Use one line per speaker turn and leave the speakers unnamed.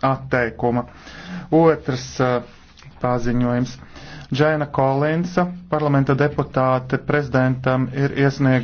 atteikuma. Otrs paziņojums. Džēna Kolinsa, parlamenta deputāte, prezidentam ir iesniegusi.